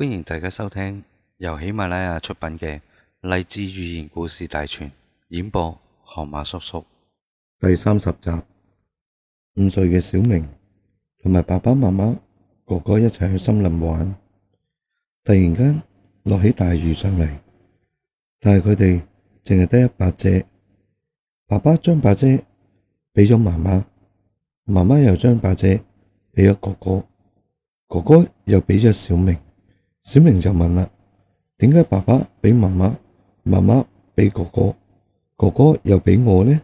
歡迎大家收聽由喜馬拉雅出品嘅《勵志寓言故事大全》，演播河馬叔叔，第三十集。五歲嘅小明同埋爸爸媽媽、哥哥一齊去森林玩，突然間落起大雨上嚟，但係佢哋淨係得一把遮。爸爸將把遮俾咗媽媽，媽媽又將把遮俾咗哥哥，哥哥又俾咗小明。小明就問啦：點解爸爸畀媽媽，媽媽畀哥哥，哥哥又畀我呢？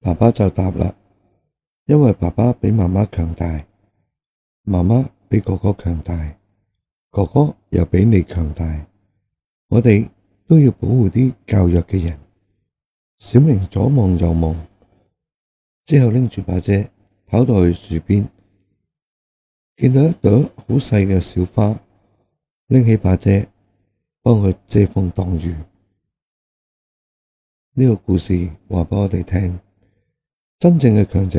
爸爸就答啦：因為爸爸比媽媽強大，媽媽比哥哥強大，哥哥又比你強大。我哋都要保護啲較弱嘅人。小明左望右望，之後拎住把遮，跑到去樹邊，見到一朵好細嘅小花。拎起把遮，幫佢遮風擋雨。呢個故事話畀我哋聽：真正嘅強者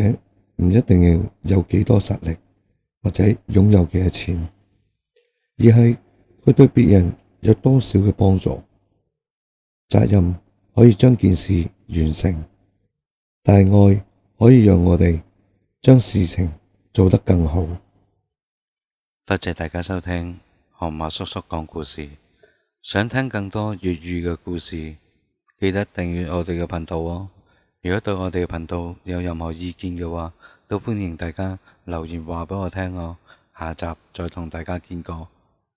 唔一定要有幾多實力，或者擁有幾多錢，而係佢對別人有多少嘅幫助。責任可以將件事完成，大愛可以讓我哋將事情做得更好。多謝大家收聽。同馬叔叔講故事，想聽更多粵語嘅故事，記得訂閱我哋嘅頻道哦。如果對我哋嘅頻道有任何意見嘅話，都歡迎大家留言話俾我聽哦。下集再同大家見過，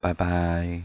拜拜。